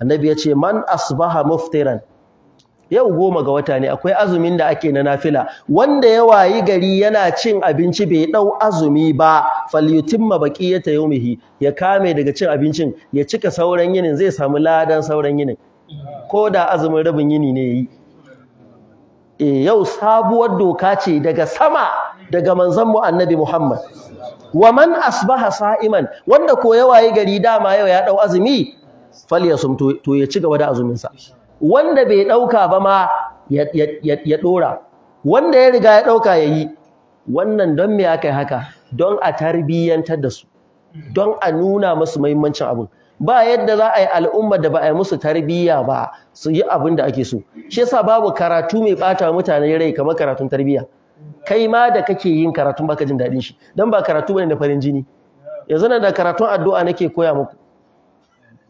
annabi ya ce man asbaha muftiran yau goma ga wata ne akwai azumin da ake na nafila wanda ya wayi gari yana cin abinci bai dau azumi ba falyutimma baqiyata yawmihi ya kame daga cin abincin ya cika sauran yinin zai samu ladan sauran yinin ko da azumin rabin yini ne yi eh yau sabuwar doka ce daga sama daga manzon mu annabi Muhammad wa man asbaha sa'iman wanda ko ya wayi gari dama yau ya dau azumi falyasum to ya ci gaba da azuminsa. wanda bai ɗauka ba ma ya ya wanda ya riga ya ya yayi wannan don me aka yi haka don a tarbiyyantar da su don a nuna musu muhimmancin abun ba yadda za a yi al'umma da ba a yi musu tarbiyya ba su yi abin da ake so shi yasa babu karatu mai ɓata mutane rai kamar karatun tarbiyya kai ma da kake yin karatun baka jin daɗin shi dan ba karatu bane da farin jini yanzu nan da karatun addu'a nake koya muku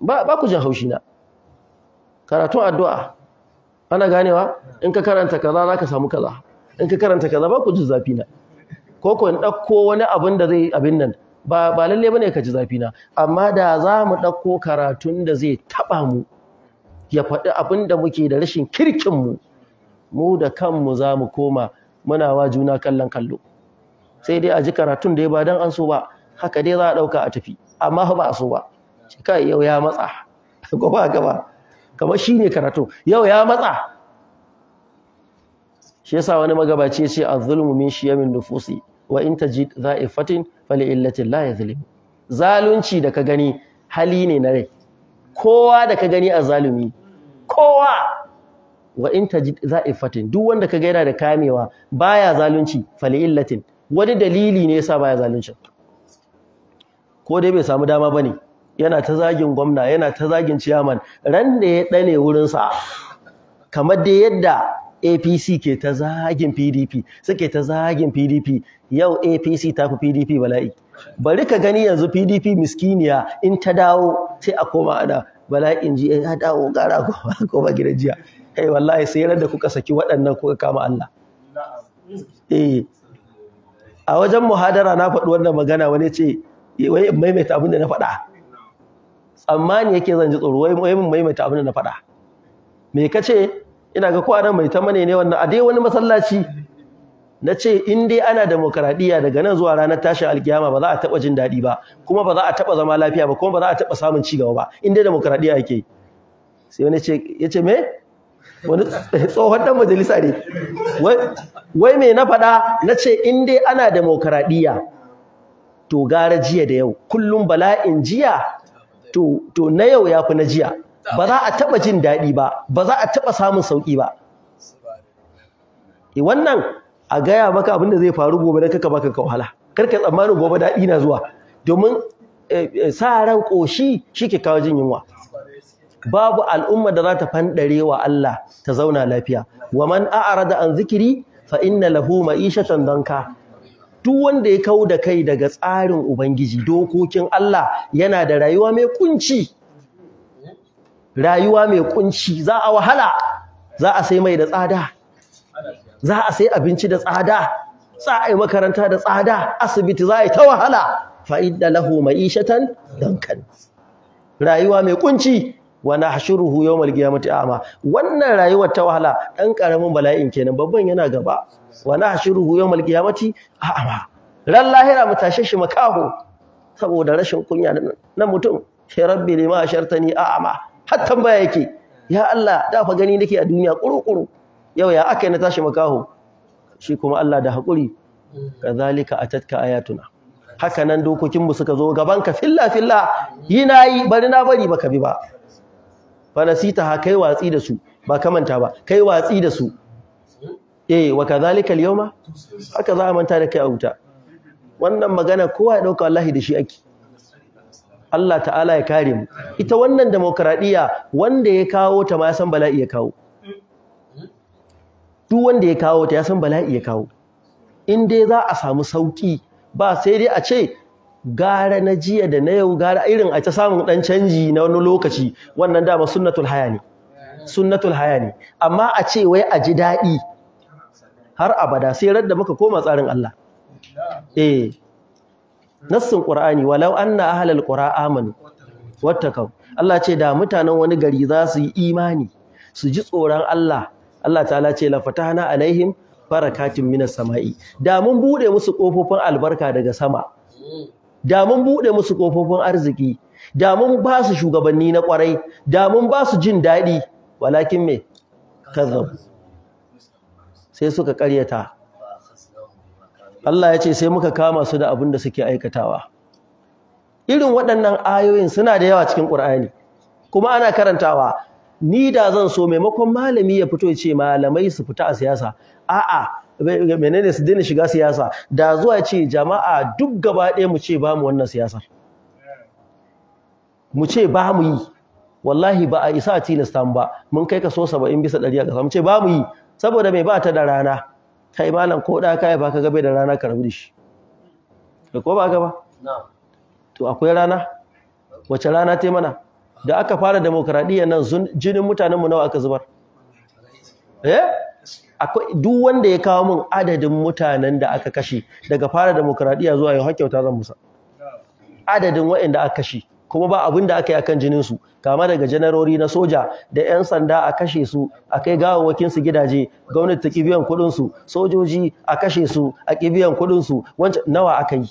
ba ku jin haushi na karatun addu'a ana ganewa in ka karanta kaza za ka samu kaza in ka karanta kaza ba ku ji zafi na ko ku ɗauko wani abin da zai abin nan ba ba lalle bane ka ji zafi na amma da za mu ɗauko karatun da zai taɓa mu ya faɗi abin da muke da rashin kirkin mu mu da kanmu za mu koma muna wa juna kallon kallo sai dai a ji karatun da ya ba dan an so ba haka dai za a ɗauka a tafi amma ba a so ba kai yau ya matsa ko ba gaba kamar shine karatu yau ya matsa shi yasa wani magabaci ce az-zulmu min shiyamin nufusi wa in tajid za'ifatin fali illati la yazlim zalunci da ka gani hali ne na rai kowa da ka gani azalumi kowa wa in tajid za'ifatin duk wanda ka yana da kamewa baya zalunci fali illatin wani dalili ne yasa baya zalunci ko dai bai samu dama bane yana ta zagin gwamna yana ta zagin ciyaman ran da ya ɗane wurinsa kamar dai yadda APC ke ta zagin PDP suke ta zagin PDP yau APC ta fi PDP bala'i bari ka gani yanzu PDP miskiniya in ta dawo sai a koma ana bala'in ji eh, ya dawo gara koma gidan jiya kai eh, wallahi sai da kuka saki waɗannan kuka kama Allah eh, a wajen muhadara na faɗi wannan magana wani ce wai maimaita abin da na faɗa tsammani yake zan ji tsoro wai mai maimaita abin da na faɗa me ka ce ina ga ko nan mai ta mane ne wannan a dai wani masallaci na ce in dai ana demokradiya daga nan zuwa ranar tashin alkiyama ba za a taɓa jin daɗi ba kuma ba za a taɓa zama lafiya ba kuma ba za a taɓa samun ci gaba ba in dai demokradiya yake sai wani ya ce me wani tsohon ɗan majalisa ne wai me na faɗa na ce in dai ana demokradiya to gara jiya da yau kullum bala'in jiya to na yau ya fi na jiya ba za a taɓa jin daɗi ba ba za a taɓa samun sauƙi ba e wannan a gaya maka abin da zai faru gobe da kaka baka ka wahala karka tsammanin gobe daɗi na zuwa domin eh, eh, sa ran ƙoshi shi ke kawo jin yunwa babu al'umma da za ta fanɗare wa Allah ta zauna lafiya wa man a'arada an zikiri fa inna lahu ma'ishatan danka duk wanda ya kau da kai daga tsarin ubangiji dokokin Allah yana da rayuwa mai kunci rayuwa mai kunci za a wahala za a sai mai da tsada za a sai abinci da tsada za a yi makaranta da tsada asibiti za a yi ta wahala fa'idda lahu ma'ishatan dankan rayuwa mai kunci wa nahshuruhu yawmal qiyamati a'ma wannan rayuwar ta wahala dan karamin bala'in kenan babban yana gaba wa nahshuruhu yawmal qiyamati a'ma ran lahira mu tashe shi makaho saboda rashin kunya na mutum shi rabbi lima ashartani a'ma har tambaya yake ya Allah da fa gani nake a duniya kurukuru yau ya aka yi na tashi makaho shi kuma Allah da hakuri kazalika atatka ayatuna haka nan dokokinmu suka zo gaban ka filla filla yi nayi bari na bari baka bi ba fanasita ha kai watsi da su ba kamanta ba kai watsi da su eh wa kadhalika alyawma haka za a manta da kai a wuta wannan magana kowa ya dauka wallahi da shi ake Allah ta'ala ya kare mu ita wannan demokradiya wanda ya kawo ta ma san bala'i ya kawo duk wanda ya kawo ta ya san bala'i ya kawo in dai za a samu sauki ba sai dai a ce gara na jiya da na yau gara irin a ta samun dan canji na wani lokaci wannan dama sunnatul haya ne sunnatul haya ne amma a ce wai a ji daɗi har abada sai radda muka koma tsarin Allah eh nassin qur'ani walau anna ahlal qura amanu wattaqu Allah ce da mutanen wani gari za su yi imani su ji tsoron Allah Allah ta'ala ce la fatahna alaihim barakatin minas sama'i da mun bude musu kofofin albarka daga sama da mun bude musu kofofin arziki da mun ba su shugabanni na kwarai. da mun ba su jin daɗi walakin me kazzab sai suka ƙaryata Allah ya ce sai muka kama su da abin da suke aikatawa irin waɗannan ayoyin suna da yawa cikin ƙur'ani kuma ana karantawa ni da zan so maimakon malami ya fito ya ce malamai su fita a siyasa a'a menene su dina shiga siyasa da zuwa ce jama'a duk gaba ɗaya mu ce ba mu wannan siyasar mu ce ba mu yi wallahi ba a isa a tilasta ba mun kai kaso saba'in bisa ɗari a ƙasa mu ce ba mu yi saboda mai ba ta da rana kai malam ko ɗa kai ba ka gabe da rana ka da shi da ko ba ka ba to akwai rana wace rana ta mana da aka fara demokaradiyyar nan jinin mutanenmu nawa aka zubar eh Akwai duk wanda ya kawo min adadin mutanen da aka kashe daga fara demokradiya zuwa yau hakkauta zan musa adadin waɗanda aka kashe kuma ba abin da aka yi akan jinin su kama daga janarori na soja da yan sanda a kashe su a kai su gidaje gwamnati ta kibiyan kudin su sojoji a kashe su a kibiyan kudin su wancan nawa aka yi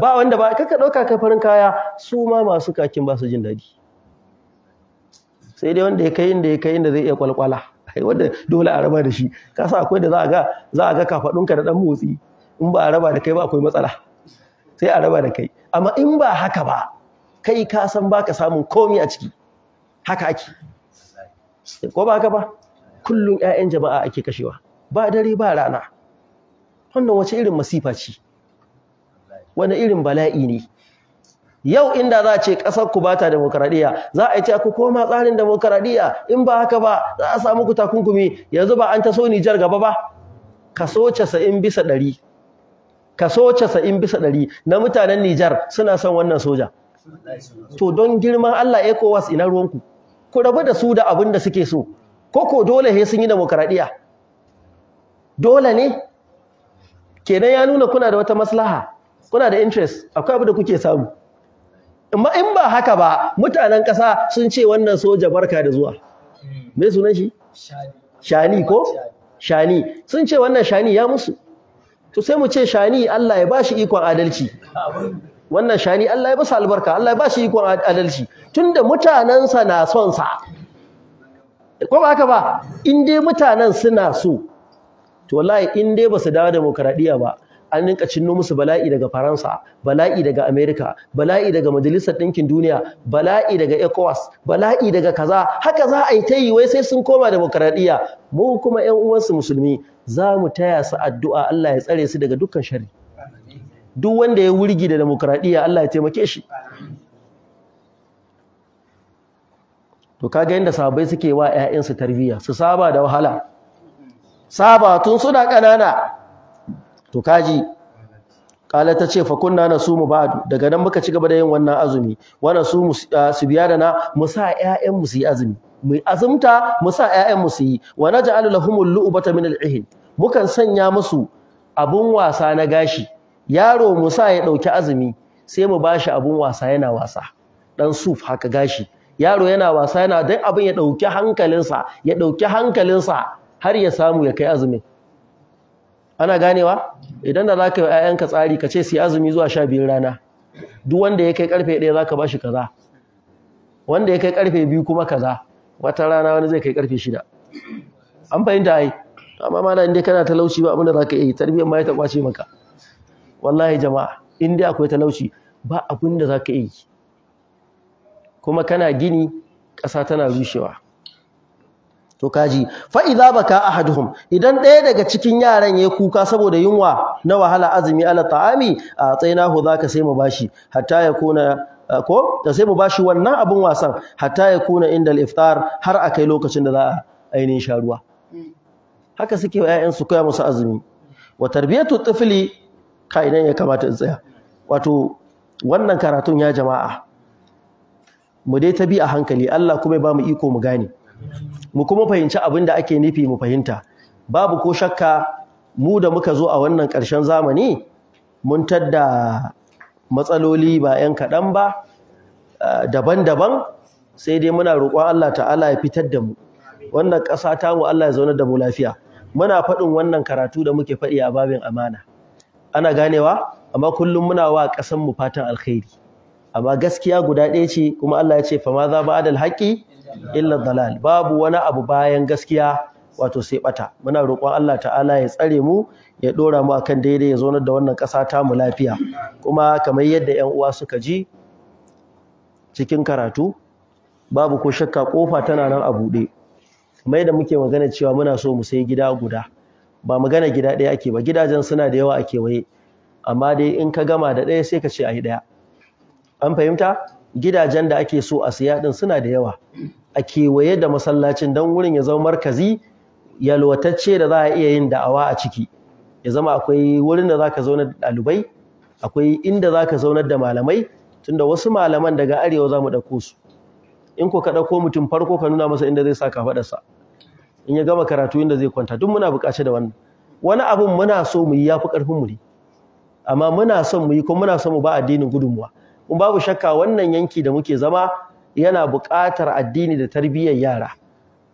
ba wanda ba kaka ɗauka kai farin kaya su ma masu kakin ba su jin daɗi sai dai wanda ya kai inda ya kai inda zai iya kwalkwala wanda dole a raba da shi ka sa akwai da za a ga za a ga kafadunka da dan motsi in ba a raba da kai ba akwai matsala sai a raba da kai amma in ba haka ba kai ka san baka samun komai a ciki haka ake ko ba haka ba kullum ƴaƴan jama'a ake kashewa ba dare ba rana wannan wace irin masifa ce wani irin bala'i ne yau inda za a ce ƙasar ku ta demokradiya za a yi ce ku koma tsarin demokradiya in ba haka ba za a samu ku takunkumi yanzu ba an ta so Nijar gaba ba kaso 90 bisa 100 kaso casa'in bisa ɗari, na mutanen Nijar suna son wannan soja to don girman Allah ECOWAS ina ruwanku ku rabu da su da abin da suke so ko ko dole he sun yi demokradiya dole ne kenan ya nuna kuna da wata maslaha kuna da interest akwai abu da kuke samu amma in ba haka ba mutanen ƙasa sun ce wannan soja barka da zuwa me sunan shi shani ko shani sun ce wannan shani ya musu to sai mu ce shani Allah ya bashi ikon adalci wannan shani Allah ya basu albarka Allah ya bashi ikon adalci tunda mutanansa na son sa ko ba haka ba in dai mutanen suna so to wallahi in dai su dawo demokradiya ba an rinka cinno musu bala'i daga Faransa bala'i daga America bala'i daga Majalisar Ɗinkin Duniya bala'i daga ECOWAS bala'i daga kaza haka za a yi ta yi wai sai sun koma demokradiyya mu kuma ƴan uwansu musulmi za mu taya su addu'a Allah ya tsare su daga dukkan shari. duk wanda ya wurgi da demokradiyya Allah ya taimake shi to kaga yanda sabai suke wa 'ya'yansu tarbiyya su saba da wahala saba tun suna ƙanana to kaji kala ta ce fa kunna na su mu ba'du daga nan muka ci gaba da yin wannan azumi wannan su eh, su biya da na mu sa ƴaƴan mu su yi azumi mu azumta mu sa ƴaƴan mu su yi wa naj'alu lahumul lu'bata min al mukan sanya musu abun wasa na gashi yaro mu sa ya dauki azumi sai mu bashi abun wasa yana wasa dan suf haka gashi yaro yana wasa yana dan abin ya dauki hankalinsa ya dauki hankalinsa har ya samu ya kai azumin ana ganewa idan da zaka yi ƴaƴanka tsari ka ce azumi zuwa 12 rana duk wanda ya kai karfe 1 zaka bashi kaza wanda ya kai karfe 2 kuma kaza wata rana wani zai kai karfe 6 an fahimta ai amma mana inda kana talauci ba abin da zaka yi tarbiyyar ma ya ta kwace maka wallahi jama'a in dai akwai talauci ba abin da zaka yi kuma kana gini ƙasa tana rushewa to kaji fa idza baka ahaduhum idan ɗaya daga cikin yaran ya kuka saboda yunwa na wahala azumi ala ta'ami a tsainahu zaka sai mu bashi hatta ya kuna ko da sai mu bashi wannan abun wasan hatta ya kuna indal iftar har akai lokacin da za a ainihin sha ruwa haka suke wa ƴaƴan su koya musu azumi wa tarbiyatu tifli ka ya kamata in tsaya wato wannan karatun ya jama'a mu dai ta bi a hankali Allah kuma ya ba mu iko mu gane mu kuma fahimci abin da ake nufi mu fahimta babu ko shakka mu da muka zo a wannan ƙarshen zamani mun tadda matsaloli ba 'yan kaɗan ba daban-daban sai dai muna roƙon Allah ta'ala ya fitar da mu wannan ƙasa ta mu Allah ya zauna da mu lafiya muna faɗin wannan karatu da muke faɗi a babin amana ana ganewa amma kullum muna wa ƙasan mu fatan alkhairi amma gaskiya guda ɗaya ce kuma Allah ya ce fa ma za ba adal haƙƙi. illa dalal babu wani abu bayan gaskiya wato sai bata muna roƙon Allah ta'ala ya tsare mu ya dora mu akan daidai ya zonar da wannan ƙasa ta mu lafiya kuma kamar yadda ƴan uwa suka ji cikin karatu babu ko shakka kofa tana nan a buɗe Mai da muke magana cewa muna so mu sai gida guda ba magana gida ɗaya ake ba gidajen suna da yawa a kewaye amma dai in ka gama da ɗaya sai ka ce a yi ɗaya an fahimta gidajen da ake so a siya din suna da yawa a kewaye da masallacin don wurin ya zama markazi yalwatacce da za a iya yin da'awa a ciki ya zama akwai wurin da za ka zaunar da ɗalibai akwai inda za ka zaunar da malamai tunda wasu malaman daga arewa za mu ɗauko su in ko ka ɗauko mutum farko ka nuna masa inda zai sa kafaɗarsa in ya gama karatu inda zai kwanta duk muna buƙace da wannan wani abun muna so mu yi yafi ƙarfin mu ne amma muna son mu yi ko muna son mu ba addinin gudunmuwa Kun babu shakka wannan yanki da muke zama yana buƙatar addini da tarbiyyar yara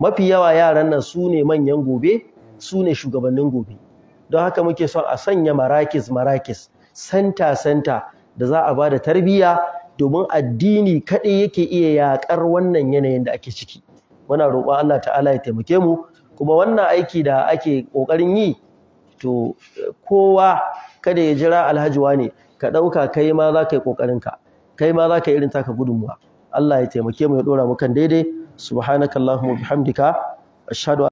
mafi yawa yaran nan su ne manyan gobe su ne shugabannin gobe don haka muke son a sanya marakis marakis santa santa da za a ba da tarbiyya domin addini kaɗai yake iya yaƙar wannan yanayin da ake ciki muna roƙon Allah ta'ala ya taimake mu kuma wannan aiki da ake ƙoƙarin yi to kowa kada ya jira alhaji ne ka ɗauka kai ma za ka yi ka. kai ma zaka irin taka gudunmuwa Allah ya taimake mu ya dora mu kan daidai subhanakallahumma bihamdika ashhadu